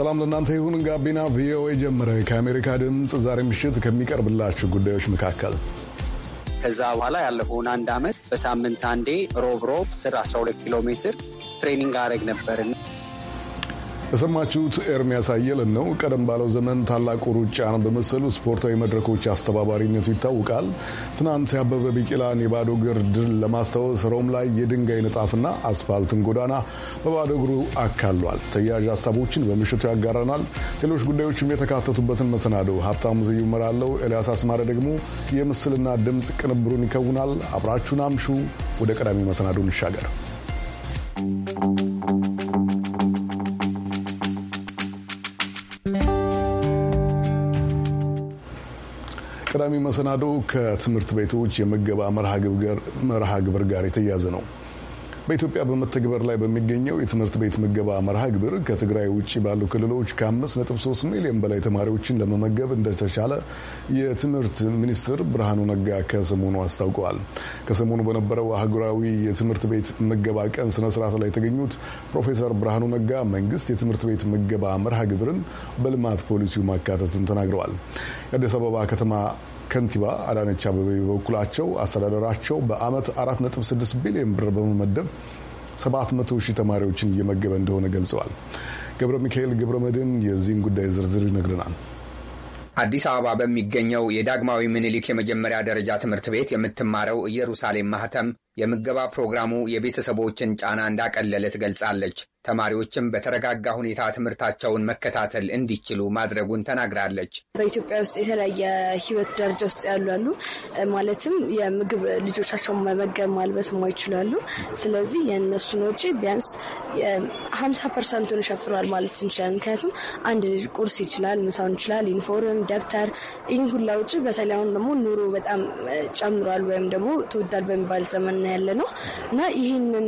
ሰላም ለእናንተ ይሁን። ጋቢና ቪኦኤ ጀምረ ከአሜሪካ ድምፅ ዛሬ ምሽት ከሚቀርብላችሁ ጉዳዮች መካከል ከዛ በኋላ ያለፈውን አንድ ዓመት በሳምንት አንዴ ሮብ ሮብ 12 ኪሎ ሜትር ትሬኒንግ አረግ ነበርና የሰማችሁት ኤርሚያስ አየለን ነው። ቀደም ባለው ዘመን ታላቁ ሩጫን በመሰሉ ስፖርታዊ መድረኮች አስተባባሪነቱ ይታወቃል። ትናንት ያበበ ቢቂላን የባዶ እግር ድል ለማስታወስ ሮም ላይ የድንጋይ ንጣፍና አስፋልትን ጎዳና በባዶ እግሩ አካሏል። ተያያዥ ሀሳቦችን በምሽቱ ያጋራናል። ሌሎች ጉዳዮችም የተካተቱበትን መሰናዶ ሀብታሙ ዝዩ እመራለሁ። ኤልያስ አስማረ ደግሞ የምስልና ድምፅ ቅንብሩን ይከውናል። አብራችሁን አምሹ። ወደ ቀዳሚ መሰናዶ እንሻገር። ቀዳሚ መሰናዶ ከትምህርት ቤቶች የምገባ መርሃ ግብር ጋር የተያያዘ ነው። በኢትዮጵያ በመተግበር ላይ በሚገኘው የትምህርት ቤት ምገባ መርሃ ግብር ከትግራይ ውጭ ባሉ ክልሎች ከ5.3 ሚሊዮን በላይ ተማሪዎችን ለመመገብ እንደተቻለ የትምህርት ሚኒስትር ብርሃኑ ነጋ ከሰሞኑ አስታውቀዋል። ከሰሞኑ በነበረው አህጉራዊ የትምህርት ቤት ምገባ ቀን ስነ ስርዓት ላይ የተገኙት ፕሮፌሰር ብርሃኑ ነጋ መንግስት የትምህርት ቤት ምገባ መርሃ ግብርን በልማት ፖሊሲው ማካተቱን ተናግረዋል። የአዲስ አበባ ከተማ ከንቲባ አዳነች አበቤ በበኩላቸው አስተዳደራቸው በአመት 4.6 ቢሊዮን ብር በመመደብ 700 ሺህ ተማሪዎችን እየመገበ እንደሆነ ገልጸዋል። ገብረ ሚካኤል ገብረ መድን የዚህን ጉዳይ ዝርዝር ይነግረናል። አዲስ አበባ በሚገኘው የዳግማዊ ምኒልክ የመጀመሪያ ደረጃ ትምህርት ቤት የምትማረው ኢየሩሳሌም ማህተም የምገባ ፕሮግራሙ የቤተሰቦችን ጫና እንዳቀለለ ትገልጻለች። ተማሪዎችም በተረጋጋ ሁኔታ ትምህርታቸውን መከታተል እንዲችሉ ማድረጉን ተናግራለች። በኢትዮጵያ ውስጥ የተለያየ ሕይወት ደረጃ ውስጥ ያሉ አሉ። ማለትም የምግብ ልጆቻቸውን መመገብ ማልበት ማይችላሉ። ስለዚህ የእነሱን ወጪ ቢያንስ ሀምሳ ፐርሰንቱን ይሸፍናል ማለት እንችላል። ምክንያቱም አንድ ልጅ ቁርስ ይችላል፣ ምሳውን ይችላል፣ ዩኒፎርም፣ ደብተር፣ ይህን ሁላ ውጪ በተለይ አሁን ደግሞ ኑሮ በጣም ጨምሯል ወይም ደግሞ ተወዷል በሚባል ዘመን እየኖርን ያለ ነው እና ይህንን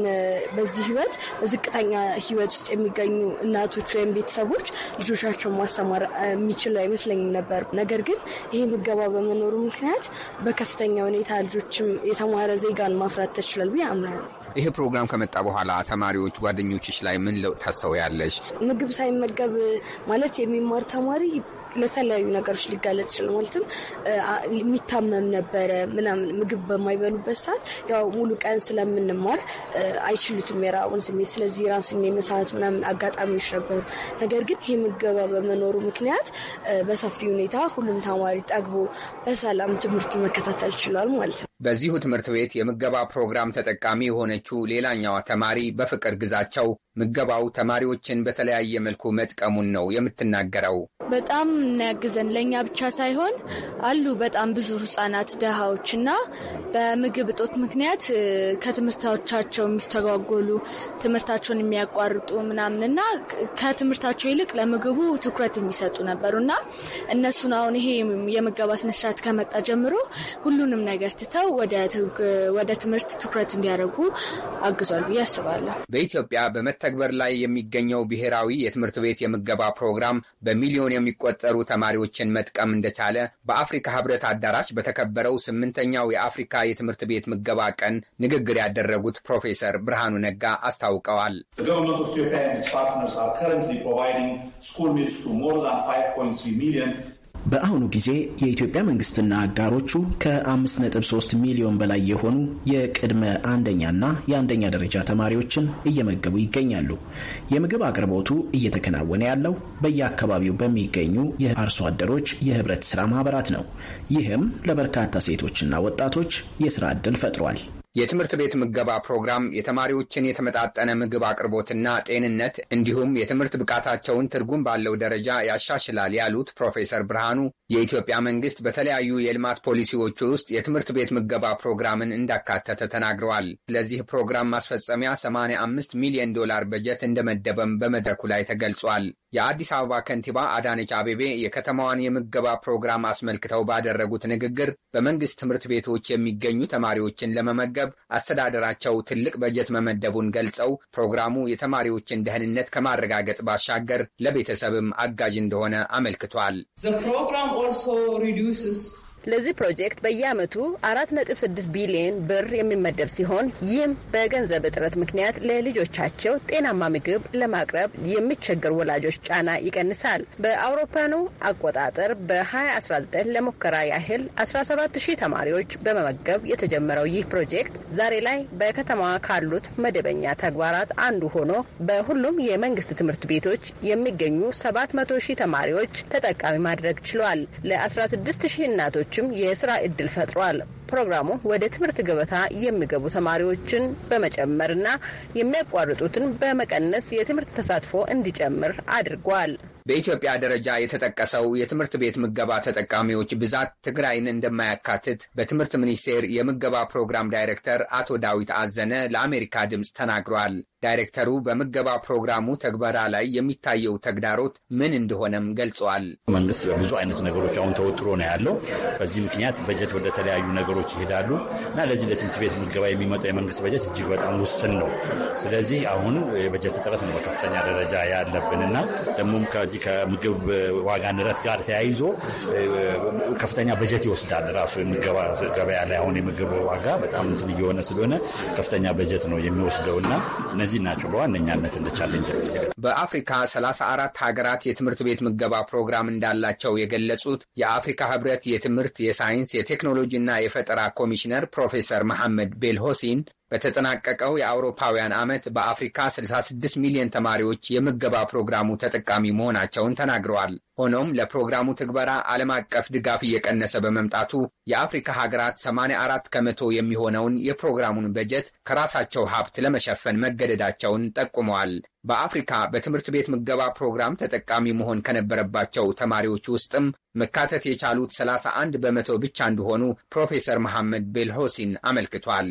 በዚህ ህይወት ዝቅተኛ ህይወት ውስጥ የሚገኙ እናቶች ወይም ቤተሰቦች ልጆቻቸውን ማስተማር የሚችሉ አይመስለኝም ነበር። ነገር ግን ይህ ምገባ በመኖሩ ምክንያት በከፍተኛ ሁኔታ ልጆችም የተማረ ዜጋን ማፍራት ተችሏል ብዬ አምናለሁ። ይህ ፕሮግራም ከመጣ በኋላ ተማሪዎች ጓደኞችሽ ላይ ምን ለውጥ ታስተውያለሽ? ምግብ ሳይመገብ ማለት የሚማር ተማሪ ለተለያዩ ነገሮች ሊጋለጥ ይችላል። ማለትም የሚታመም ነበረ ምናምን ምግብ በማይበሉበት ሰዓት ያው ሙሉ ቀን ስለምንማር አይችሉትም የራቡን ስሜት። ስለዚህ ራስን የመሳት ምናምን አጋጣሚዎች ነበሩ። ነገር ግን ይህ ምገባ በመኖሩ ምክንያት በሰፊ ሁኔታ ሁሉም ተማሪ ጠግቦ በሰላም ትምህርት መከታተል ችሏል ማለት ነው። በዚሁ ትምህርት ቤት የምገባ ፕሮግራም ተጠቃሚ የሆነችው ሌላኛዋ ተማሪ በፍቅር ግዛቸው ምገባው ተማሪዎችን በተለያየ መልኩ መጥቀሙን ነው የምትናገረው። በጣም እናያግዘን ለእኛ ብቻ ሳይሆን አሉ በጣም ብዙ ህጻናት ደሃዎች እና በምግብ እጦት ምክንያት ከትምህርታቻቸው የሚስተጓጎሉ ትምህርታቸውን የሚያቋርጡ ምናምን እና ከትምህርታቸው ይልቅ ለምግቡ ትኩረት የሚሰጡ ነበሩ እና እነሱን አሁን ይሄ የምገባ ስነስርዓት ከመጣ ጀምሮ ሁሉንም ነገር ትተው ወደ ትምህርት ትኩረት እንዲያደርጉ አግዟል ብዬ አስባለሁ። በኢትዮጵያ ተግበር ላይ የሚገኘው ብሔራዊ የትምህርት ቤት የምገባ ፕሮግራም በሚሊዮን የሚቆጠሩ ተማሪዎችን መጥቀም እንደቻለ በአፍሪካ ህብረት አዳራሽ በተከበረው ስምንተኛው የአፍሪካ የትምህርት ቤት ምገባ ቀን ንግግር ያደረጉት ፕሮፌሰር ብርሃኑ ነጋ አስታውቀዋል። በአሁኑ ጊዜ የኢትዮጵያ መንግስትና አጋሮቹ ከ5.3 ሚሊዮን በላይ የሆኑ የቅድመ አንደኛና የአንደኛ ደረጃ ተማሪዎችን እየመገቡ ይገኛሉ። የምግብ አቅርቦቱ እየተከናወነ ያለው በየአካባቢው በሚገኙ የአርሶ አደሮች የህብረት ስራ ማህበራት ነው። ይህም ለበርካታ ሴቶችና ወጣቶች የስራ እድል ፈጥሯል። የትምህርት ቤት ምገባ ፕሮግራም የተማሪዎችን የተመጣጠነ ምግብ አቅርቦትና ጤንነት እንዲሁም የትምህርት ብቃታቸውን ትርጉም ባለው ደረጃ ያሻሽላል ያሉት ፕሮፌሰር ብርሃኑ የኢትዮጵያ መንግስት በተለያዩ የልማት ፖሊሲዎች ውስጥ የትምህርት ቤት ምገባ ፕሮግራምን እንዳካተተ ተናግረዋል። ለዚህ ፕሮግራም ማስፈጸሚያ 85 ሚሊዮን ዶላር በጀት እንደመደበም በመድረኩ ላይ ተገልጿል። የአዲስ አበባ ከንቲባ አዳነች አቤቤ የከተማዋን የምገባ ፕሮግራም አስመልክተው ባደረጉት ንግግር በመንግስት ትምህርት ቤቶች የሚገኙ ተማሪዎችን ለመመገብ አስተዳደራቸው ትልቅ በጀት መመደቡን ገልጸው ፕሮግራሙ የተማሪዎችን ደህንነት ከማረጋገጥ ባሻገር ለቤተሰብም አጋዥ እንደሆነ አመልክቷል። also reduces ለዚህ ፕሮጀክት በየአመቱ አራት ነጥብ ስድስት ቢሊዮን ብር የሚመደብ ሲሆን ይህም በገንዘብ እጥረት ምክንያት ለልጆቻቸው ጤናማ ምግብ ለማቅረብ የሚቸገር ወላጆች ጫና ይቀንሳል። በአውሮፓኑ አቆጣጠር በ2019 ለሙከራ ያህል 17 ሺህ ተማሪዎች በመመገብ የተጀመረው ይህ ፕሮጀክት ዛሬ ላይ በከተማዋ ካሉት መደበኛ ተግባራት አንዱ ሆኖ በሁሉም የመንግስት ትምህርት ቤቶች የሚገኙ 700 ተማሪዎች ተጠቃሚ ማድረግ ችሏል። ለ160 እናቶች ተማሪዎችም የስራ እድል ፈጥሯል። ፕሮግራሙ ወደ ትምህርት ገበታ የሚገቡ ተማሪዎችን በመጨመርና የሚያቋርጡትን በመቀነስ የትምህርት ተሳትፎ እንዲጨምር አድርጓል። በኢትዮጵያ ደረጃ የተጠቀሰው የትምህርት ቤት ምገባ ተጠቃሚዎች ብዛት ትግራይን እንደማያካትት በትምህርት ሚኒስቴር የምገባ ፕሮግራም ዳይሬክተር አቶ ዳዊት አዘነ ለአሜሪካ ድምፅ ተናግረዋል። ዳይሬክተሩ በምገባ ፕሮግራሙ ተግበራ ላይ የሚታየው ተግዳሮት ምን እንደሆነም ገልጸዋል። መንግስት በብዙ አይነት ነገሮች አሁን ተወጥሮ ነው ያለው። በዚህ ምክንያት በጀት ወደ ተለያዩ ነገሮች ይሄዳሉ እና ለዚህ ለትምህርት ቤት ምገባ የሚመጣው የመንግስት በጀት እጅግ በጣም ውስን ነው። ስለዚህ አሁን የበጀት እጥረት ነው በከፍተኛ ደረጃ ያለብን እና ደግሞም ከዚህ ከምግብ ዋጋ ንረት ጋር ተያይዞ ከፍተኛ በጀት ይወስዳል። ራሱ ገበያ ላይ አሁን የምግብ ዋጋ በጣም እንትን እየሆነ ስለሆነ ከፍተኛ በጀት ነው የሚወስደው እና እነዚህ ናቸው በዋነኛነት እንደ ቻሌንጅ። በአፍሪካ 34 ሀገራት የትምህርት ቤት ምገባ ፕሮግራም እንዳላቸው የገለጹት የአፍሪካ ህብረት የትምህርት የሳይንስ የቴክኖሎጂና የፈጠራ ኮሚሽነር ፕሮፌሰር መሐመድ ቤልሆሲን በተጠናቀቀው የአውሮፓውያን ዓመት በአፍሪካ 66 ሚሊዮን ተማሪዎች የምገባ ፕሮግራሙ ተጠቃሚ መሆናቸውን ተናግረዋል። ሆኖም ለፕሮግራሙ ትግበራ ዓለም አቀፍ ድጋፍ እየቀነሰ በመምጣቱ የአፍሪካ ሀገራት 84 ከመቶ የሚሆነውን የፕሮግራሙን በጀት ከራሳቸው ሀብት ለመሸፈን መገደዳቸውን ጠቁመዋል። በአፍሪካ በትምህርት ቤት ምገባ ፕሮግራም ተጠቃሚ መሆን ከነበረባቸው ተማሪዎች ውስጥም መካተት የቻሉት 31 በመቶ ብቻ እንደሆኑ ፕሮፌሰር መሐመድ ቤልሆሲን አመልክቷል።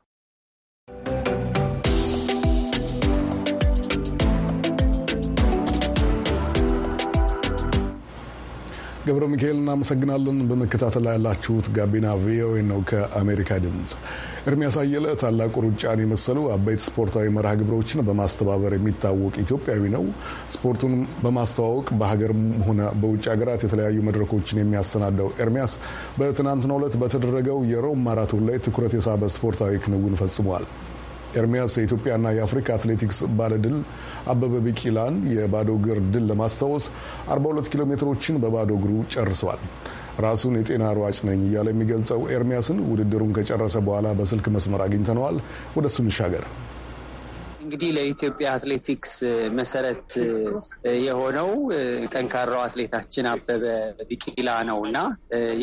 ገብረ ሚካኤል እናመሰግናለን። በመከታተል ላይ ያላችሁት ጋቢና ቪኦኤ ነው ከአሜሪካ ድምፅ። ኤርሚያስ አየለ ታላቁ ሩጫን የመሰሉ አበይት ስፖርታዊ መርሃ ግብሮችን በማስተባበር የሚታወቅ ኢትዮጵያዊ ነው። ስፖርቱን በማስተዋወቅ በሀገርም ሆነ በውጭ ሀገራት የተለያዩ መድረኮችን የሚያሰናዳው ኤርሚያስ በትናንትናው ዕለት በተደረገው የሮም ማራቶን ላይ ትኩረት የሳበ ስፖርታዊ ክንውን ፈጽሟል። ኤርሚያስ የኢትዮጵያና የአፍሪካ አትሌቲክስ ባለድል አበበ ቢቂላን የባዶ እግር ድል ለማስታወስ 42 ኪሎ ሜትሮችን በባዶ እግሩ ጨርሷል። ራሱን የጤና ሯጭ ነኝ እያለ የሚገልጸው ኤርሚያስን ውድድሩን ከጨረሰ በኋላ በስልክ መስመር አግኝተነዋል። ወደ እሱ እንሻገር። እንግዲህ ለኢትዮጵያ አትሌቲክስ መሰረት የሆነው ጠንካራው አትሌታችን አበበ ቢቂላ ነው እና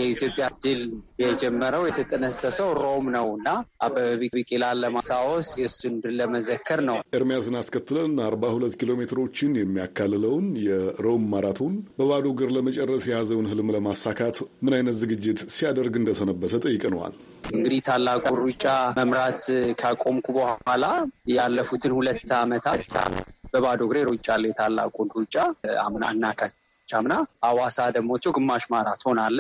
የኢትዮጵያ ድል የጀመረው የተጠነሰሰው ሮም ነው እና አበበ ቢቂላን ለማስታወስ የእሱን ድል ለመዘከር ነው። ኤርሚያስን አስከትለን አርባ ሁለት ኪሎ ሜትሮችን የሚያካልለውን የሮም ማራቶን በባዶ እግር ለመጨረስ የያዘውን ህልም ለማሳካት ምን አይነት ዝግጅት ሲያደርግ እንደሰነበሰ ጠይቀነዋል። እንግዲህ ታላቁ ሩጫ መምራት ካቆምኩ በኋላ ያለፉትን ሁለት ዓመታት በባዶ እግሬ ሮጫለሁ። የታላቁን ሩጫ አምና አናካቻምና አዋሳ ደግሞ ግማሽ ማራቶን አለ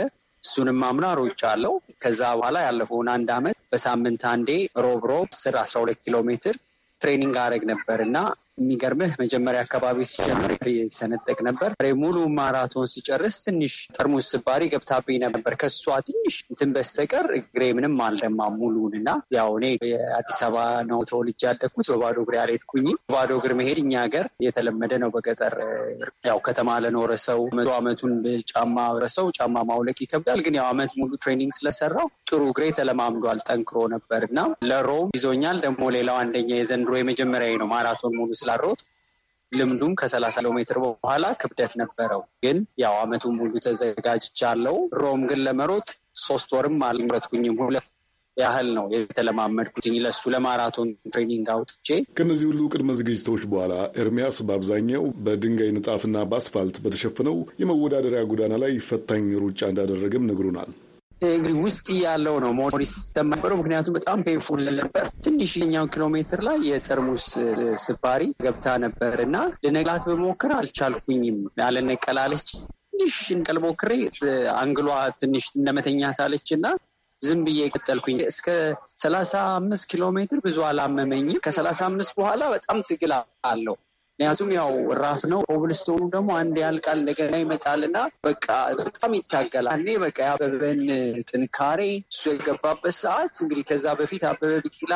እሱንም አምና ሮጫ አለው። ከዛ በኋላ ያለፈውን አንድ አመት በሳምንት አንዴ ሮብ ሮብ አስር አስራ ሁለት ኪሎ ሜትር ትሬኒንግ አረግ ነበር እና የሚገርምህ መጀመሪያ አካባቢ ሲጀምር ሰነጠቅ ነበር። ሙሉ ማራቶን ሲጨርስ ትንሽ ጠርሙስ ስባሪ ገብታብኝ ነበር። ከሷ ትንሽ እንትን በስተቀር እግሬ ምንም አልደማም ሙሉን እና ያው እኔ የአዲስ አበባ ነው ተወልጄ ያደግኩት። በባዶ እግር አልሄድኩኝም። በባዶ እግር መሄድ እኛ ሀገር የተለመደ ነው። በገጠር ያው ከተማ ለኖረ ሰው መቶ አመቱን ጫማ ረሰው ጫማ ማውለቅ ይከብዳል። ግን ያው አመት ሙሉ ትሬኒንግ ስለሰራው ጥሩ እግሬ ተለማምዷል። ጠንክሮ ነበር እና ለሮም ይዞኛል። ደግሞ ሌላው አንደኛ የዘንድሮ የመጀመሪያ ነው ማራቶን ሙሉ ስላሮጥ ልምዱም ከሰላሳ ኪሎ ሜትር በኋላ ክብደት ነበረው። ግን ያው አመቱን ሙሉ ተዘጋጅቻለሁ። ሮም ግን ለመሮጥ ሶስት ወርም አልምረትኩኝም ሁለት ያህል ነው የተለማመድኩትኝ። ለሱ ለማራቶን ትሬኒንግ አውጥቼ ከእነዚህ ሁሉ ቅድመ ዝግጅቶች በኋላ ኤርሚያስ በአብዛኛው በድንጋይ ንጣፍና በአስፋልት በተሸፈነው የመወዳደሪያ ጎዳና ላይ ፈታኝ ሩጫ እንዳደረገም ነግሮናል። እንግዲህ ውስጥ ያለው ነው ሞሪስ ይሰማነበረው። ምክንያቱም በጣም ፔንፉል ነበር። ትንሽኛው ኪሎ ሜትር ላይ የጠርሙስ ስባሪ ገብታ ነበር እና ልነቅላት በሞክር አልቻልኩኝም። ያለነቀላለች ትንሽ እንቀል ሞክሬ አንግሏ ትንሽ እንደመተኛት አለች እና ዝም ብዬ ቀጠልኩኝ። እስከ ሰላሳ አምስት ኪሎ ሜትር ብዙ አላመመኝም። ከሰላሳ አምስት በኋላ በጣም ትግል አለው ምክንያቱም ያው ራፍ ነው። ኮብልስቶኑ ደግሞ አንድ ያልቃል እንደገና ይመጣልና በቃ በጣም ይታገላል። እኔ በቃ የአበበን ጥንካሬ እሱ የገባበት ሰዓት እንግዲህ ከዛ በፊት አበበ ቢቂላ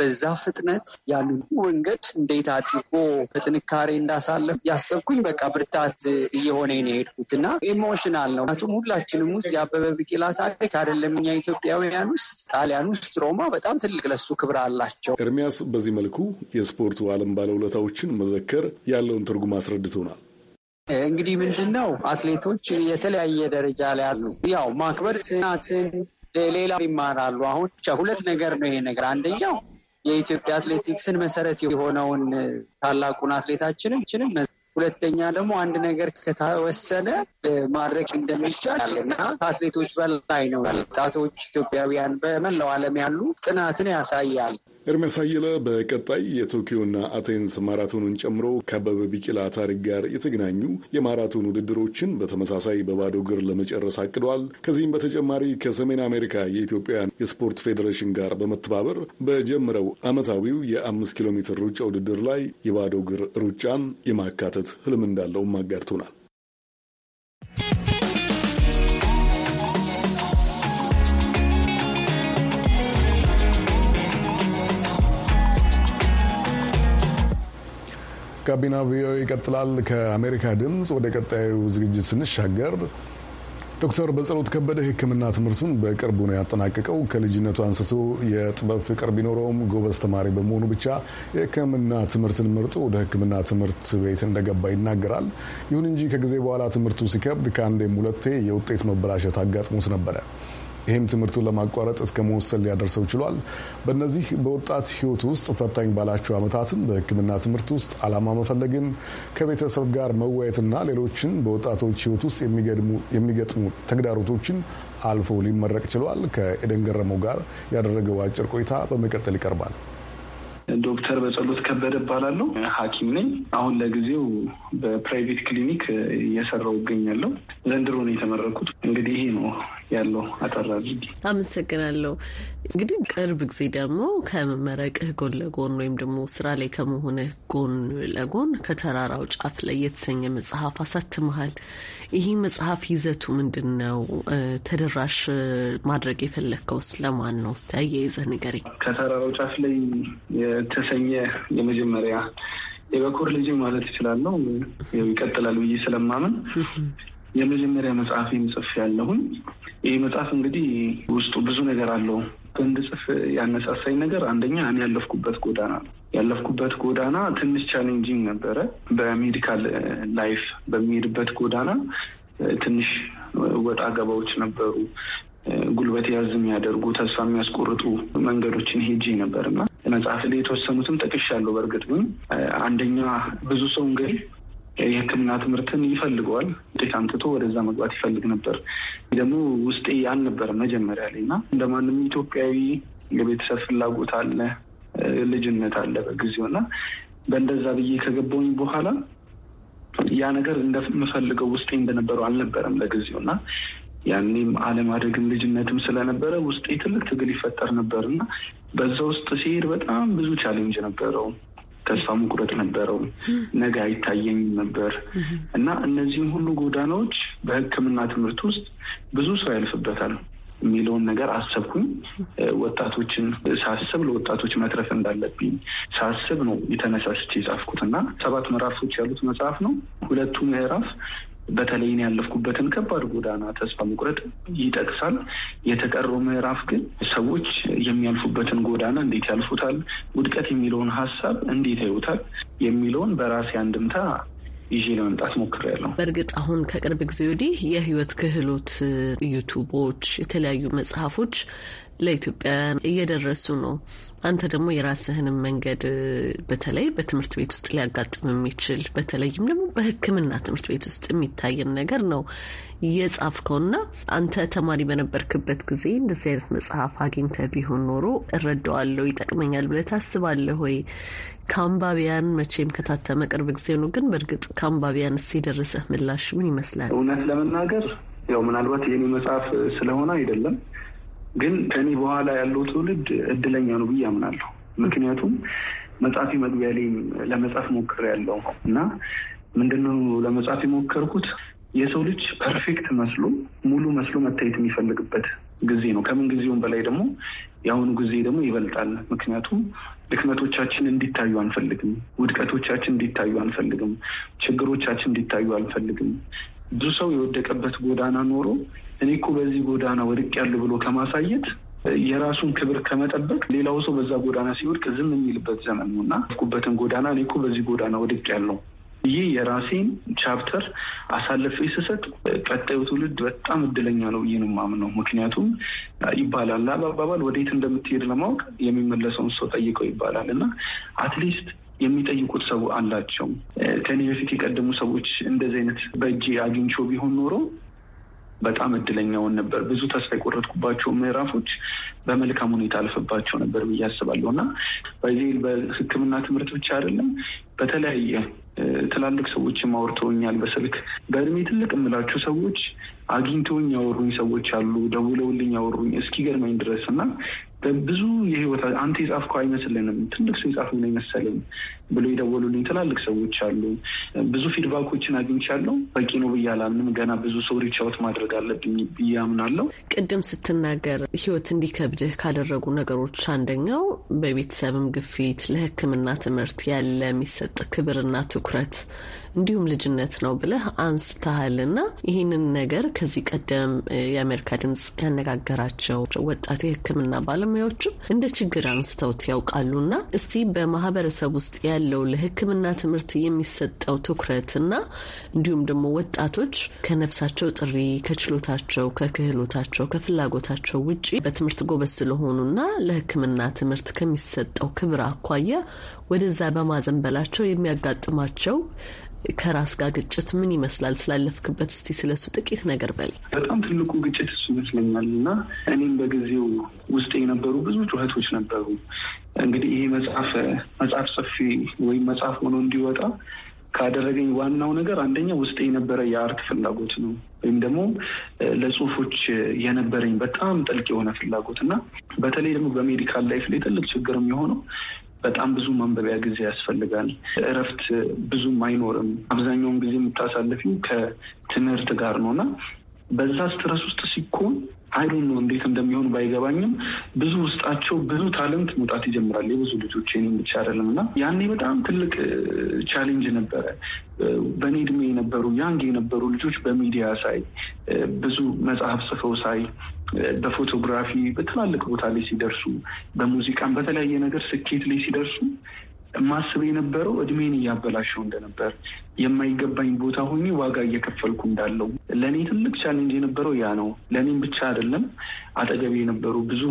በዛ ፍጥነት ያንን መንገድ እንዴት አድርጎ በጥንካሬ እንዳሳለፍ ያሰብኩኝ በቃ ብርታት እየሆነ ነው የሄድኩት እና ኢሞሽናል ነው። ቱም ሁላችንም ውስጥ የአበበ ቢቂላ ታሪክ አይደለም እኛ ኢትዮጵያውያን ውስጥ ጣሊያን ውስጥ ሮማ በጣም ትልቅ ለሱ ክብር አላቸው። ኤርሚያስ በዚህ መልኩ የስፖርቱ ዓለም ባለውለታዎችን መዘከር ያለውን ትርጉም አስረድቶናል። እንግዲህ ምንድን ነው አትሌቶች የተለያየ ደረጃ ላይ አሉ። ያው ማክበር ጽናትን ሌላ ይማራሉ። አሁን ሁለት ነገር ነው ይሄ ነገር አንደኛው የኢትዮጵያ አትሌቲክስን መሰረት የሆነውን ታላቁን አትሌታችንን ችንም ሁለተኛ ደግሞ አንድ ነገር ከተወሰነ ማድረግ እንደሚቻል እና ከአትሌቶች በላይ ነው። ወጣቶች ኢትዮጵያውያን በመላው ዓለም ያሉ ጥናትን ያሳያል። ኤርሚያስ አየለ በቀጣይ የቶኪዮና አቴንስ ማራቶንን ጨምሮ ከአበበ ቢቂላ ታሪክ ጋር የተገናኙ የማራቶን ውድድሮችን በተመሳሳይ በባዶ እግር ለመጨረስ አቅዷል። ከዚህም በተጨማሪ ከሰሜን አሜሪካ የኢትዮጵያን የስፖርት ፌዴሬሽን ጋር በመተባበር በጀምረው ዓመታዊው የአምስት ኪሎ ሜትር ሩጫ ውድድር ላይ የባዶ እግር ሩጫን የማካተት ህልም እንዳለውም አጋድቶናል። ጋቢና ቪኦኤ ይቀጥላል። ከአሜሪካ ድምፅ ወደ ቀጣዩ ዝግጅት ስንሻገር ዶክተር በጸሎት ከበደ ሕክምና ትምህርቱን በቅርቡ ነው ያጠናቀቀው። ከልጅነቱ አንስቶ የጥበብ ፍቅር ቢኖረውም ጎበዝ ተማሪ በመሆኑ ብቻ የሕክምና ትምህርትን መርጦ ወደ ሕክምና ትምህርት ቤት እንደገባ ይናገራል። ይሁን እንጂ ከጊዜ በኋላ ትምህርቱ ሲከብድ ከአንዴም ሁለቴ የውጤት መበላሸት አጋጥሞት ነበረ። ይህም ትምህርቱን ለማቋረጥ እስከ መወሰን ሊያደርሰው ችሏል። በእነዚህ በወጣት ህይወት ውስጥ ፈታኝ ባላቸው ዓመታትም በህክምና ትምህርት ውስጥ አላማ መፈለግን ከቤተሰብ ጋር መወያየትና ሌሎችን በወጣቶች ህይወት ውስጥ የሚገጥሙ ተግዳሮቶችን አልፎ ሊመረቅ ችሏል። ከኤደን ገረመው ጋር ያደረገው አጭር ቆይታ በመቀጠል ይቀርባል። ዶክተር በጸሎት ከበደ እባላለሁ። ሐኪም ነኝ። አሁን ለጊዜው በፕራይቬት ክሊኒክ እየሰራው እገኛለሁ። ዘንድሮ ነው የተመረኩት። እንግዲህ ይሄ ነው ያለው አጠር አድርጌ አመሰግናለሁ። እንግዲህ ቅርብ ጊዜ ደግሞ ከመመረቅህ ጎን ለጎን ወይም ደግሞ ስራ ላይ ከመሆንህ ጎን ለጎን ከተራራው ጫፍ ላይ የተሰኘ መጽሐፍ አሳትመሃል። ይህ መጽሐፍ ይዘቱ ምንድን ነው? ተደራሽ ማድረግ የፈለግከው ስለማን ነው? እስኪ አያይዘህ ንገረኝ። ከተራራው ጫፍ ላይ የተሰኘ የመጀመሪያ የበኩር ልጅ ማለት እችላለሁ ይቀጥላል ብዬ ስለማምን የመጀመሪያ መጽሐፍ የምጽፍ ያለሁኝ። ይህ መጽሐፍ እንግዲህ ውስጡ ብዙ ነገር አለው። እንድጽፍ ያነሳሳኝ ነገር አንደኛ እኔ ያለፍኩበት ጎዳና ነው። ያለፍኩበት ጎዳና ትንሽ ቻሌንጂንግ ነበረ። በሜዲካል ላይፍ በሚሄድበት ጎዳና ትንሽ ወጣ ገባዎች ነበሩ። ጉልበት ያዝ የሚያደርጉ ተስፋ የሚያስቆርጡ መንገዶችን ሄጄ ነበር እና መጽሐፍ ላይ የተወሰኑትም ጠቅሻለሁ። በእርግጥ ግን አንደኛ ብዙ ሰው እንግዲህ የሕክምና ትምህርትን ይፈልገዋል። ውጤት ትቶ ወደዛ መግባት ይፈልግ ነበር። ደግሞ ውስጤ አልነበረም መጀመሪያ ላይ እና እንደ ማንም ኢትዮጵያዊ የቤተሰብ ፍላጎት አለ፣ ልጅነት አለ በጊዜው እና በእንደዛ ብዬ ከገባውኝ በኋላ ያ ነገር እንደምፈልገው ውስጤ እንደነበረው አልነበረም ለጊዜው እና ያኔም አለማደግም ልጅነትም ስለነበረ ውስጤ ትልቅ ትግል ይፈጠር ነበር እና በዛ ውስጥ ሲሄድ በጣም ብዙ ቻሌንጅ ነበረው። ተስፋ መቁረጥ ነበረው። ነገ አይታየኝ ነበር እና እነዚህም ሁሉ ጎዳናዎች በሕክምና ትምህርት ውስጥ ብዙ ሰው ያልፍበታል የሚለውን ነገር አሰብኩኝ። ወጣቶችን ሳስብ ለወጣቶች መትረፍ እንዳለብኝ ሳስብ ነው የተነሳስቼ የጻፍኩት እና ሰባት ምዕራፎች ያሉት መጽሐፍ ነው። ሁለቱ ምዕራፍ በተለይ ያለፍኩበትን ከባድ ጎዳና ተስፋ መቁረጥ ይጠቅሳል። የተቀረው ምዕራፍ ግን ሰዎች የሚያልፉበትን ጎዳና እንዴት ያልፉታል፣ ውድቀት የሚለውን ሀሳብ እንዴት ያዩታል የሚለውን በራሴ አንድምታ ይዤ ለመምጣት ሞክሬያለሁ። በእርግጥ አሁን ከቅርብ ጊዜ ወዲህ የህይወት ክህሎት ዩቱቦች፣ የተለያዩ መጽሐፎች ለኢትዮጵያውያን እየደረሱ ነው። አንተ ደግሞ የራስህንም መንገድ በተለይ በትምህርት ቤት ውስጥ ሊያጋጥም የሚችል በተለይም ደግሞ በሕክምና ትምህርት ቤት ውስጥ የሚታየን ነገር ነው የጻፍከውና አንተ ተማሪ በነበርክበት ጊዜ እንደዚህ አይነት መጽሐፍ አግኝተህ ቢሆን ኖሮ እረዳዋለሁ፣ ይጠቅመኛል ብለህ ታስባለህ ወይ? ከአንባቢያን መቼም ከታተመ ቅርብ ጊዜ ነው። ግን በእርግጥ ከአንባቢያን እስ የደረሰ ምላሽ ምን ይመስላል? እውነት ለመናገር ያው ምናልባት የኔ መጽሐፍ ስለሆነ አይደለም፣ ግን ከኔ በኋላ ያለው ትውልድ እድለኛ ነው ብዬ አምናለሁ። ምክንያቱም መጽሐፊ መግቢያ ላይ ሞክር ያለው እና ምንድነው ለመጻፍ የሞከርኩት የሰው ልጅ ፐርፌክት መስሎ ሙሉ መስሎ መታየት የሚፈልግበት ጊዜ ነው። ከምን ጊዜውም በላይ ደግሞ የአሁኑ ጊዜ ደግሞ ይበልጣል። ምክንያቱም ድክመቶቻችን እንዲታዩ አንፈልግም። ውድቀቶቻችን እንዲታዩ አንፈልግም። ችግሮቻችን እንዲታዩ አንፈልግም። ብዙ ሰው የወደቀበት ጎዳና ኖሮ እኔ እኮ በዚህ ጎዳና ወድቅ ያለ ብሎ ከማሳየት የራሱን ክብር ከመጠበቅ ሌላው ሰው በዛ ጎዳና ሲወድቅ ዝም የሚልበት ዘመን ነው እና ወድኩበትን ጎዳና እኔ እኮ በዚህ ጎዳና ወድቅ ያለው ይህ የራሴን ቻፕተር አሳልፌ ስሰጥ ቀጣዩ ትውልድ በጣም እድለኛ ነው ብዬ ነው የማምነው። ምክንያቱም ይባላል አባባል ወዴት እንደምትሄድ ለማወቅ የሚመለሰውን ሰው ጠይቀው ይባላል እና አትሊስት የሚጠይቁት ሰው አላቸው። ከኔ በፊት የቀደሙ ሰዎች እንደዚህ አይነት በእጄ አግኝቼ ቢሆን ኖሮ በጣም እድለኛውን ነበር። ብዙ ተስፋ የቆረጥኩባቸው ምዕራፎች በመልካም ሁኔታ አልፈባቸው ነበር ብዬ አስባለሁ እና በዚህ በሕክምና ትምህርት ብቻ አይደለም በተለያየ ትላልቅ ሰዎችም አውርተውኛል በስልክ በእድሜ ትልቅ የምላቸው ሰዎች አግኝተውኝ ያወሩኝ ሰዎች አሉ፣ ደውለውልኝ ያወሩኝ እስኪገርመኝ ድረስ እና ብዙ የህይወት አንተ የጻፍከው አይመስልንም ትልቅ ሰው የጻፈው ነው የመሰለኝ ብሎ የደወሉልኝ ትላልቅ ሰዎች አሉ። ብዙ ፊድባኮችን አግኝቻለሁ። በቂ ነው ብዬ አላምንም። ገና ብዙ ሰው ሪች ማድረግ አለብኝ ብዬ አምናለሁ። ቅድም ስትናገር ህይወት እንዲከብድህ ካደረጉ ነገሮች አንደኛው በቤተሰብም ግፊት ለህክምና ትምህርት ያለ የሚሰጥ ክብርና ትኩረት እንዲሁም ልጅነት ነው ብለህ አንስተሃልና ይህንን ነገር ከዚህ ቀደም የአሜሪካ ድምጽ ያነጋገራቸው ወጣት የሕክምና ባለሙያዎችም እንደ ችግር አንስተውት ያውቃሉና እስቲ በማህበረሰብ ውስጥ ያለው ለሕክምና ትምህርት የሚሰጠው ትኩረትና እንዲሁም ደግሞ ወጣቶች ከነፍሳቸው ጥሪ ከችሎታቸው፣ ከክህሎታቸው፣ ከፍላጎታቸው ውጪ በትምህርት ጎበዝ ስለሆኑና ለሕክምና ትምህርት ከሚሰጠው ክብር አኳያ ወደዛ በማዘንበላቸው የሚያጋጥማቸው ከራስ ጋር ግጭት ምን ይመስላል? ስላለፍክበት እስቲ ስለሱ ጥቂት ነገር በል። በጣም ትልቁ ግጭት እሱ ይመስለኛል እና እኔም በጊዜው ውስጥ የነበሩ ብዙ ጩኸቶች ነበሩ። እንግዲህ ይሄ መጽሐፍ መጽሐፍ ጽፊ ወይም መጽሐፍ ሆኖ እንዲወጣ ካደረገኝ ዋናው ነገር አንደኛ ውስጥ የነበረ የአርት ፍላጎት ነው ወይም ደግሞ ለጽሁፎች የነበረኝ በጣም ጥልቅ የሆነ ፍላጎት እና በተለይ ደግሞ በሜዲካል ላይፍ ላይ ትልቅ ችግር የሚሆነው በጣም ብዙ ማንበቢያ ጊዜ ያስፈልጋል። እረፍት ብዙም አይኖርም። አብዛኛውን ጊዜ የምታሳልፊው ከትምህርት ጋር ነው እና በዛ ስትረስ ውስጥ ሲኮን አይዶን ነው እንዴት እንደሚሆን ባይገባኝም ብዙ ውስጣቸው ብዙ ታለንት መውጣት ይጀምራል። የብዙ ልጆች ኔም ብቻ አይደለም እና ያኔ በጣም ትልቅ ቻሌንጅ ነበረ። በእኔ እድሜ የነበሩ ያንግ የነበሩ ልጆች በሚዲያ ሳይ፣ ብዙ መጽሐፍ ጽፈው ሳይ፣ በፎቶግራፊ በትላልቅ ቦታ ላይ ሲደርሱ፣ በሙዚቃም በተለያየ ነገር ስኬት ላይ ሲደርሱ ማስብ የነበረው እድሜን እያበላሸው እንደነበር የማይገባኝ ቦታ ሆኜ ዋጋ እየከፈልኩ እንዳለው ለእኔ ትልቅ ቻሌንጅ የነበረው ያ ነው። ለእኔም ብቻ አይደለም፣ አጠገብ የነበሩ ብዙ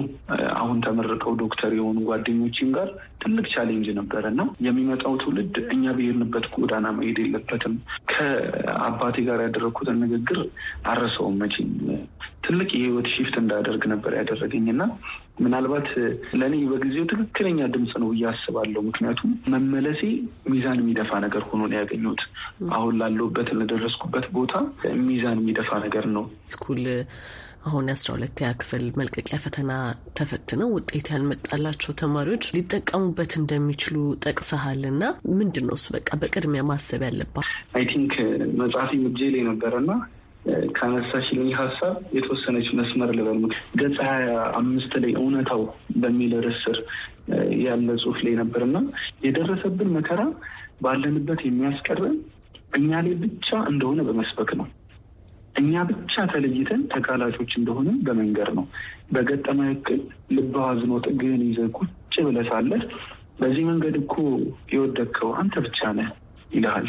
አሁን ተመርቀው ዶክተር የሆኑ ጓደኞችም ጋር ትልቅ ቻሌንጅ ነበር እና የሚመጣው ትውልድ እኛ ብሄድንበት ጎዳና መሄድ የለበትም። ከአባቴ ጋር ያደረግኩትን ንግግር አረሰውም መቼም ትልቅ የህይወት ሺፍት እንዳደርግ ነበር ያደረገኝ ምናልባት ለእኔ በጊዜው ትክክለኛ ድምፅ ነው ብዬ አስባለሁ። ምክንያቱም መመለሴ ሚዛን የሚደፋ ነገር ሆኖ ነው ያገኘሁት። አሁን ላለሁበት ለደረስኩበት ቦታ ሚዛን የሚደፋ ነገር ነው። ስኩል አሁን የአስራ ሁለተኛ ክፍል መልቀቂያ ፈተና ተፈትነው ውጤት ያልመጣላቸው ተማሪዎች ሊጠቀሙበት እንደሚችሉ ጠቅሰሃል እና ምንድን ነው እሱ በቃ በቅድሚያ ማሰብ ያለባት አይ ቲንክ መጽሐፊ ምጄ ላይ ነበረና ከነሳሽልኝ ሀሳብ የተወሰነች መስመር ልበል ገጽ ሀያ አምስት ላይ እውነታው በሚል ርዕስ ስር ያለ ጽሁፍ ላይ ነበርና የደረሰብን መከራ ባለንበት የሚያስቀርን እኛ ላይ ብቻ እንደሆነ በመስበክ ነው። እኛ ብቻ ተለይተን ተጋላጮች እንደሆነ በመንገር ነው። በገጠመ እክል ልብህ አዝኖ ጥግህን ይዘህ ቁጭ ብለህ ሳለህ በዚህ መንገድ እኮ የወደቅከው አንተ ብቻ ነህ ይልሃል።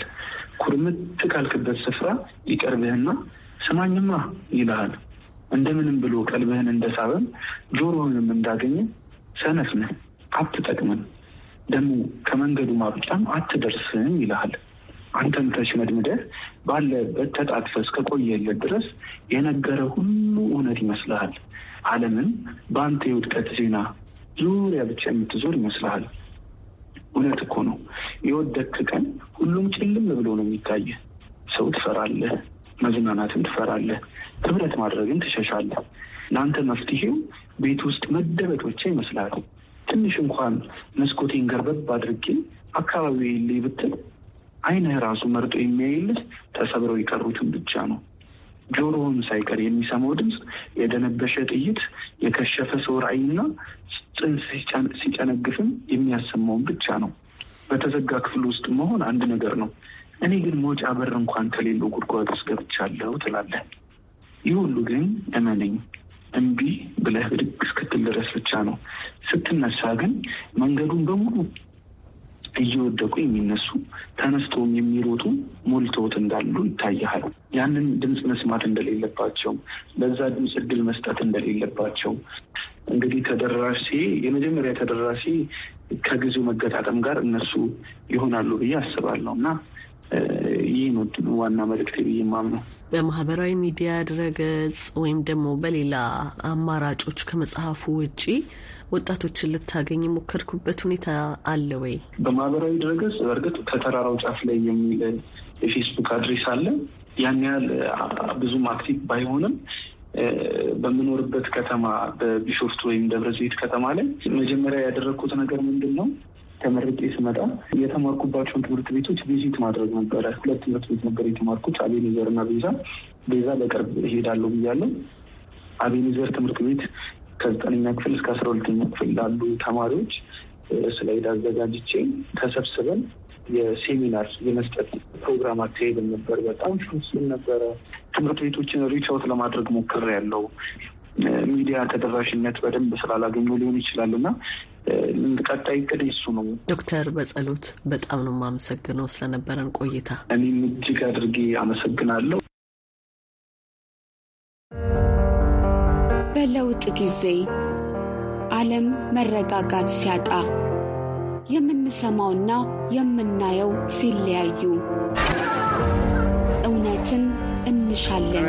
ኩርምት ካልክበት ስፍራ ይቀርብህና ስማኝማ ይልሃል። እንደምንም ብሎ ቀልብህን እንደሳበም ጆሮህንም እንዳገኘ ሰነፍ ነህ፣ አትጠቅምም፣ ደግሞ ከመንገዱ ማብጫም አትደርስም ይልሃል። አንተም ተሽመድምደህ ባለበት ተጣጥፈህ እስከቆየለት ድረስ የነገረ ሁሉ እውነት ይመስልሃል። ዓለምን በአንተ የውድቀት ዜና ዙሪያ ብቻ የምትዞር ይመስልሃል። እውነት እኮ ነው። የወደክ ቀን ሁሉም ጭልም ብሎ ነው የሚታየ ሰው ትፈራለህ፣ መዝናናትን ትፈራለህ፣ ህብረት ማድረግን ትሸሻለህ። ለአንተ መፍትሄው ቤት ውስጥ መደበቅ ብቻ ይመስላል። ትንሽ እንኳን መስኮቴን ገርበብ አድርጌ አካባቢ የለ ብትል ዓይንህ ራሱ መርጦ የሚያይልህ ተሰብረው የቀሩትን ብቻ ነው። ጆሮውን ሳይቀር የሚሰማው ድምፅ የደነበሸ ጥይት፣ የከሸፈ ሰው ራዕይና ጽንስ ሲጨነግፍም የሚያሰማውን ብቻ ነው። በተዘጋ ክፍል ውስጥ መሆን አንድ ነገር ነው። እኔ ግን መውጫ በር እንኳን ከሌለው ጉድጓድ ውስጥ ገብቻለሁ ትላለህ። ይህ ሁሉ ግን እመነኝ እምቢ ብለህ ብድግ እስክትል ድረስ ብቻ ነው። ስትነሳ ግን መንገዱን በሙሉ እየወደቁ የሚነሱ ተነስተውም የሚሮጡ ሞልተውት እንዳሉ ይታይሃል። ያንን ድምፅ መስማት እንደሌለባቸው፣ ለዛ ድምፅ እድል መስጠት እንደሌለባቸው እንግዲህ ተደራሴ የመጀመሪያ ተደራሴ ከጊዜው መገጣጠም ጋር እነሱ ይሆናሉ ብዬ አስባለሁ እና ይህ ነው ዋና መልእክት ብዬ የማምነው። በማህበራዊ ሚዲያ ድረገጽ ወይም ደግሞ በሌላ አማራጮች ከመጽሐፉ ውጪ ወጣቶችን ልታገኝ የሞከርኩበት ሁኔታ አለ ወይ? በማህበራዊ ድረገጽ በእርግጥ ከተራራው ጫፍ ላይ የሚል የፌስቡክ አድሬስ አለ። ያን ያህል ብዙም አክቲቭ ባይሆንም በምኖርበት ከተማ በቢሾፍት ወይም ደብረዘይት ከተማ ላይ መጀመሪያ ያደረግኩት ነገር ምንድን ነው ተመርቄ ስመጣ የተማርኩባቸውን ትምህርት ቤቶች ቪዚት ማድረግ ነበረ። ሁለት ትምህርት ቤት ነበር የተማርኩት፣ አቤኒዘር እና ቤዛ። ቤዛ በቅርብ እሄዳለሁ ብያለሁ። አቤኒዘር ትምህርት ቤት ከዘጠነኛ ክፍል እስከ አስራ ሁለተኛ ክፍል ላሉ ተማሪዎች ስላይድ አዘጋጅቼ ተሰብስበን የሴሚናር የመስጠት ፕሮግራም አካሄድን ነበር። በጣም ሹስም ነበረ። ትምህርት ቤቶችን ሪች አውት ለማድረግ ሞክሬያለሁ። ሚዲያ ተደራሽነት በደንብ ስላላገኙ ሊሆን ይችላል እና ቀጣይ እቅድ እሱ ነው። ዶክተር በጸሎት በጣም ነው የማመሰግነው ስለነበረን ቆይታ። እኔም እጅግ አድርጌ አመሰግናለሁ። በለውጥ ጊዜ ዓለም መረጋጋት ሲያጣ የምንሰማውና የምናየው ሲለያዩ እውነትን እንሻለን።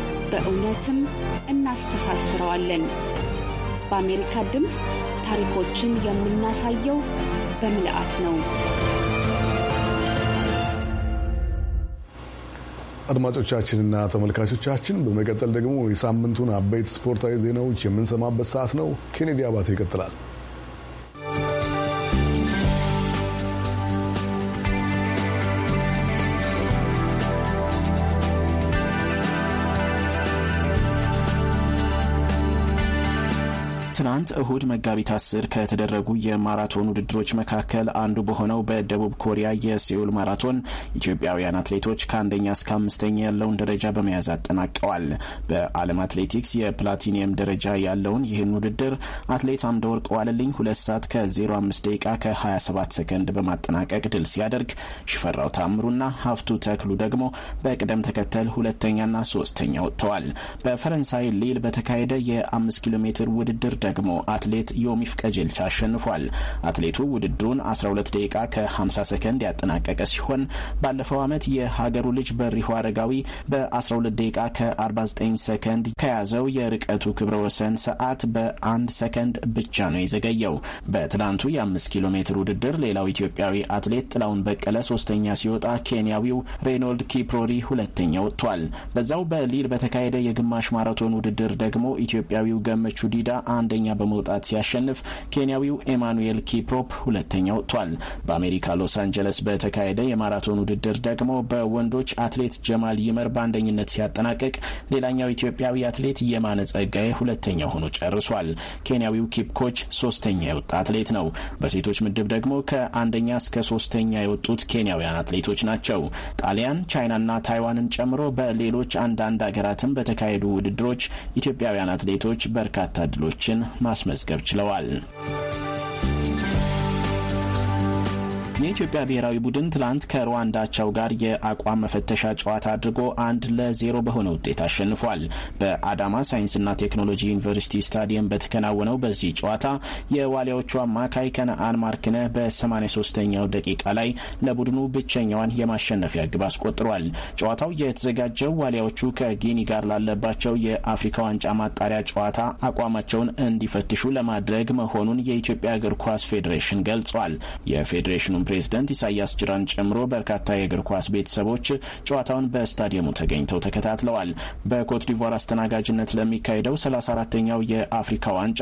በእውነትም እናስተሳስረዋለን። በአሜሪካ ድምፅ ታሪኮችን የምናሳየው በምልአት ነው። አድማጮቻችንና ተመልካቾቻችን፣ በመቀጠል ደግሞ የሳምንቱን አበይት ስፖርታዊ ዜናዎች የምንሰማበት ሰዓት ነው። ኬኔዲ አባተ ይቀጥላል። እሁድ መጋቢት አስር ከተደረጉ የማራቶን ውድድሮች መካከል አንዱ በሆነው በደቡብ ኮሪያ የሴውል ማራቶን ኢትዮጵያውያን አትሌቶች ከአንደኛ እስከ አምስተኛ ያለውን ደረጃ በመያዝ አጠናቀዋል። በዓለም አትሌቲክስ የፕላቲኒየም ደረጃ ያለውን ይህን ውድድር አትሌት አምደወርቅ ዋለልኝ ሁለት ሰዓት ከ05 ደቂቃ ከ27 ሰከንድ በማጠናቀቅ ድል ሲያደርግ ሽፈራው ታምሩና ሀፍቱ ተክሉ ደግሞ በቅደም ተከተል ሁለተኛና ሶስተኛ ወጥተዋል። በፈረንሳይ ሊል በተካሄደ የ5 ኪሎ ሜትር ውድድር ደግሞ አትሌት ዮሚፍ ቀጀልቻ አሸንፏል። አትሌቱ ውድድሩን 12 ደቂቃ ከ50 ሰከንድ ያጠናቀቀ ሲሆን ባለፈው ዓመት የሀገሩ ልጅ በሪሁ አረጋዊ በ12 ደቂቃ ከ49 ሰከንድ ከያዘው የርቀቱ ክብረ ወሰን ሰዓት በአንድ ሰከንድ ብቻ ነው የዘገየው። በትላንቱ የ5 ኪሎ ሜትር ውድድር ሌላው ኢትዮጵያዊ አትሌት ጥላውን በቀለ ሶስተኛ ሲወጣ፣ ኬንያዊው ሬኖልድ ኪፕሮሪ ሁለተኛ ወጥቷል። በዛው በሊል በተካሄደ የግማሽ ማራቶን ውድድር ደግሞ ኢትዮጵያዊው ገመቹ ዲዳ አንደኛ በመውጣት ሲያሸንፍ ኬንያዊው ኤማኑኤል ኪፕሮፕ ሁለተኛ ወጥቷል። በአሜሪካ ሎስ አንጀለስ በተካሄደ የማራቶን ውድድር ደግሞ በወንዶች አትሌት ጀማል ይመር በአንደኝነት ሲያጠናቅቅ፣ ሌላኛው ኢትዮጵያዊ አትሌት የማነ ጸጋዬ ሁለተኛ ሆኖ ጨርሷል። ኬንያዊው ኪፕኮች ሶስተኛ የወጣ አትሌት ነው። በሴቶች ምድብ ደግሞ ከአንደኛ እስከ ሶስተኛ የወጡት ኬንያውያን አትሌቶች ናቸው። ጣሊያን፣ ቻይናና ታይዋንን ጨምሮ በሌሎች አንዳንድ ሀገራትም በተካሄዱ ውድድሮች ኢትዮጵያውያን አትሌቶች በርካታ ድሎችን ማ ማስመዝገብ ችለዋል። የኢትዮጵያ ብሔራዊ ቡድን ትላንት ከሩዋንዳቸው ጋር የአቋም መፈተሻ ጨዋታ አድርጎ አንድ ለዜሮ በሆነ ውጤት አሸንፏል። በአዳማ ሳይንስና ቴክኖሎጂ ዩኒቨርሲቲ ስታዲየም በተከናወነው በዚህ ጨዋታ የዋሊያዎቹ አማካይ ከነአን ማርክነህ በ83ኛው ደቂቃ ላይ ለቡድኑ ብቸኛዋን የማሸነፊያ ግብ አስቆጥሯል። ጨዋታው የተዘጋጀው ዋሊያዎቹ ከጊኒ ጋር ላለባቸው የአፍሪካ ዋንጫ ማጣሪያ ጨዋታ አቋማቸውን እንዲፈትሹ ለማድረግ መሆኑን የኢትዮጵያ እግር ኳስ ፌዴሬሽን ገልጿል። የፌዴሬሽኑ ፕሬዝደንት ኢሳያስ ጅራን ጨምሮ በርካታ የእግር ኳስ ቤተሰቦች ጨዋታውን በስታዲየሙ ተገኝተው ተከታትለዋል። በኮትዲቮር አስተናጋጅነት ለሚካሄደው 34ተኛው የአፍሪካ ዋንጫ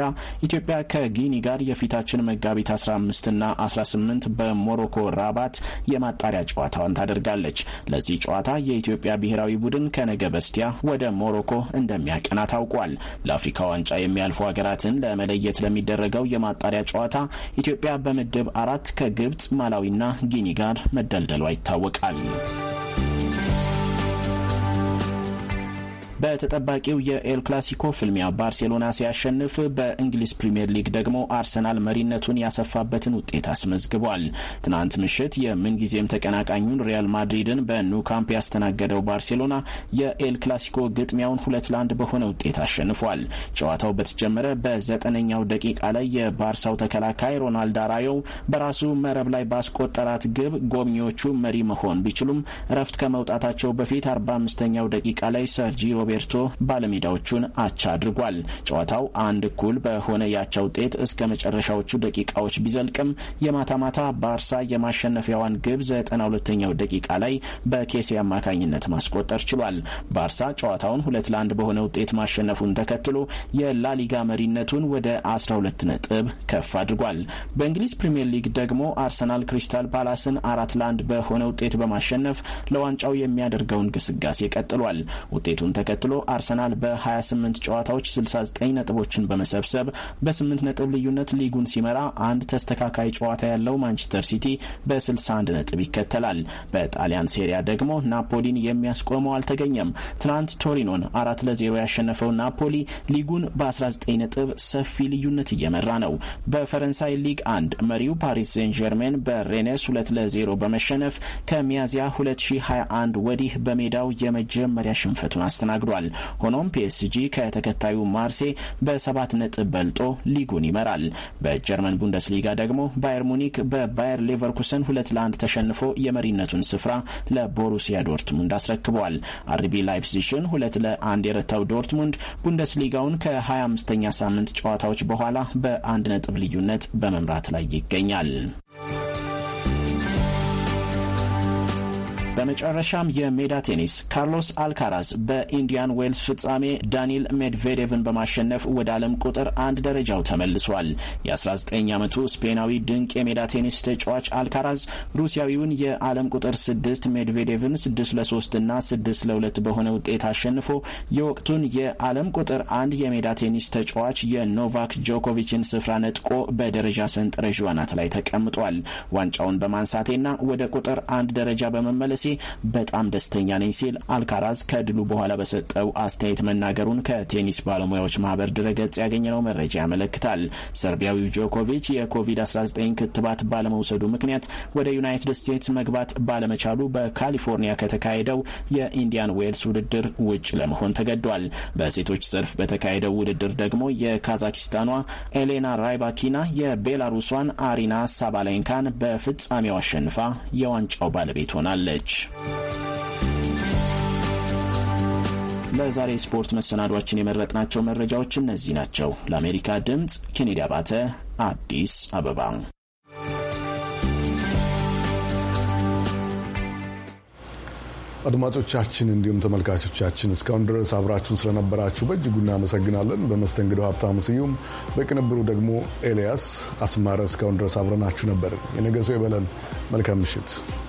ኢትዮጵያ ከጊኒ ጋር የፊታችን መጋቢት 15ና 18 በሞሮኮ ራባት የማጣሪያ ጨዋታዋን ታደርጋለች። ለዚህ ጨዋታ የኢትዮጵያ ብሔራዊ ቡድን ከነገ በስቲያ ወደ ሞሮኮ እንደሚያቀና ታውቋል። ለአፍሪካ ዋንጫ የሚያልፉ ሀገራትን ለመለየት ለሚደረገው የማጣሪያ ጨዋታ ኢትዮጵያ በምድብ አራት ከግብጽ ማላ ከማላዊና ጊኒ ጋር መደልደሏ ይታወቃል። በተጠባቂው የኤል ክላሲኮ ፍልሚያ ባርሴሎና ሲያሸንፍ በእንግሊዝ ፕሪምየር ሊግ ደግሞ አርሰናል መሪነቱን ያሰፋበትን ውጤት አስመዝግቧል። ትናንት ምሽት የምንጊዜም ተቀናቃኙን ሪያል ማድሪድን በኑካምፕ ካምፕ ያስተናገደው ባርሴሎና የኤል ክላሲኮ ግጥሚያውን ሁለት ለአንድ በሆነ ውጤት አሸንፏል። ጨዋታው በተጀመረ በዘጠነኛው ደቂቃ ላይ የባርሳው ተከላካይ ሮናልድ አራዮ በራሱ መረብ ላይ ባስቆጠራት ግብ ጎብኚዎቹ መሪ መሆን ቢችሉም እረፍት ከመውጣታቸው በፊት አርባ አምስተኛው ደቂቃ ላይ ሰርጂ ሮቤርቶ ባለሜዳዎቹን አቻ አድርጓል። ጨዋታው አንድ እኩል በሆነ የአቻ ውጤት እስከ መጨረሻዎቹ ደቂቃዎች ቢዘልቅም የማታ ማታ ባርሳ የማሸነፊያዋን ግብ ዘጠና ሁለተኛው ደቂቃ ላይ በኬሴ አማካኝነት ማስቆጠር ችሏል። ባርሳ ጨዋታውን ሁለት ለአንድ በሆነ ውጤት ማሸነፉን ተከትሎ የላሊጋ መሪነቱን ወደ 12 ነጥብ ከፍ አድርጓል። በእንግሊዝ ፕሪምየር ሊግ ደግሞ አርሰናል ክሪስታል ፓላስን አራት ለአንድ በሆነ ውጤት በማሸነፍ ለዋንጫው የሚያደርገውን ግስጋሴ ቀጥሏል። ውጤቱን ተከ ቀጥሎ አርሰናል በ28 ጨዋታዎች 69 ነጥቦችን በመሰብሰብ በ8 ነጥብ ልዩነት ሊጉን ሲመራ አንድ ተስተካካይ ጨዋታ ያለው ማንቸስተር ሲቲ በ61 ነጥብ ይከተላል። በጣሊያን ሴሪያ ደግሞ ናፖሊን የሚያስቆመው አልተገኘም። ትናንት ቶሪኖን አራት ለዜሮ ያሸነፈው ናፖሊ ሊጉን በ19 ነጥብ ሰፊ ልዩነት እየመራ ነው። በፈረንሳይ ሊግ አንድ መሪው ፓሪስ ሴን ጀርሜን በሬኔስ 2 ለ0 በመሸነፍ ከሚያዝያ 2021 ወዲህ በሜዳው የመጀመሪያ ሽንፈቱን አስተናግዷል። ተስተናግዷል። ሆኖም ፒኤስጂ ከተከታዩ ማርሴ በሰባት ነጥብ በልጦ ሊጉን ይመራል። በጀርመን ቡንደስሊጋ ደግሞ ባየር ሙኒክ በባየር ሌቨርኩሰን ሁለት ለአንድ ተሸንፎ የመሪነቱን ስፍራ ለቦሩሲያ ዶርትሙንድ አስረክቧል። አርቢ ላይፕዚሽን ሁለት ለአንድ የረታው ዶርትሙንድ ቡንደስሊጋውን ከ25ኛ ሳምንት ጨዋታዎች በኋላ በአንድ ነጥብ ልዩነት በመምራት ላይ ይገኛል። በመጨረሻም የሜዳ ቴኒስ ካርሎስ አልካራዝ በኢንዲያን ዌልስ ፍጻሜ ዳኒል ሜድቬዴቭን በማሸነፍ ወደ ዓለም ቁጥር አንድ ደረጃው ተመልሷል። የ19 ዓመቱ ስፔናዊ ድንቅ የሜዳ ቴኒስ ተጫዋች አልካራዝ ሩሲያዊውን የዓለም ቁጥር ስድስት ሜድቬዴቭን ስድስት ለሶስት እና ስድስት ለሁለት በሆነ ውጤት አሸንፎ የወቅቱን የዓለም ቁጥር አንድ የሜዳ ቴኒስ ተጫዋች የኖቫክ ጆኮቪችን ስፍራ ነጥቆ በደረጃ ሰንጠረዥ አናት ላይ ተቀምጧል። ዋንጫውን በማንሳቴና ወደ ቁጥር አንድ ደረጃ በመመለሴ በጣም ደስተኛ ነኝ ሲል አልካራዝ ከድሉ በኋላ በሰጠው አስተያየት መናገሩን ከቴኒስ ባለሙያዎች ማህበር ድረገጽ ያገኘነው መረጃ ያመለክታል። ሰርቢያዊው ጆኮቪች የኮቪድ-19 ክትባት ባለመውሰዱ ምክንያት ወደ ዩናይትድ ስቴትስ መግባት ባለመቻሉ በካሊፎርኒያ ከተካሄደው የኢንዲያን ዌልስ ውድድር ውጭ ለመሆን ተገዷል። በሴቶች ዘርፍ በተካሄደው ውድድር ደግሞ የካዛኪስታኗ ኤሌና ራይባኪና የቤላሩሷን አሪና ሳባላይንካን በፍጻሜው አሸንፋ የዋንጫው ባለቤት ሆናለች። ለዛሬ ስፖርት መሰናዷችን የመረጥናቸው መረጃዎች እነዚህ ናቸው። ለአሜሪካ ድምፅ ኬኔዲ አባተ፣ አዲስ አበባ። አድማጮቻችን እንዲሁም ተመልካቾቻችን እስካሁን ድረስ አብራችሁን ስለነበራችሁ በእጅጉ እናመሰግናለን። በመስተንግዶ ሀብታሙ ስዩም፣ በቅንብሩ ደግሞ ኤልያስ አስማረ። እስካሁን ድረስ አብረናችሁ ነበር። የነገ ሰው ይበለን። መልካም ምሽት።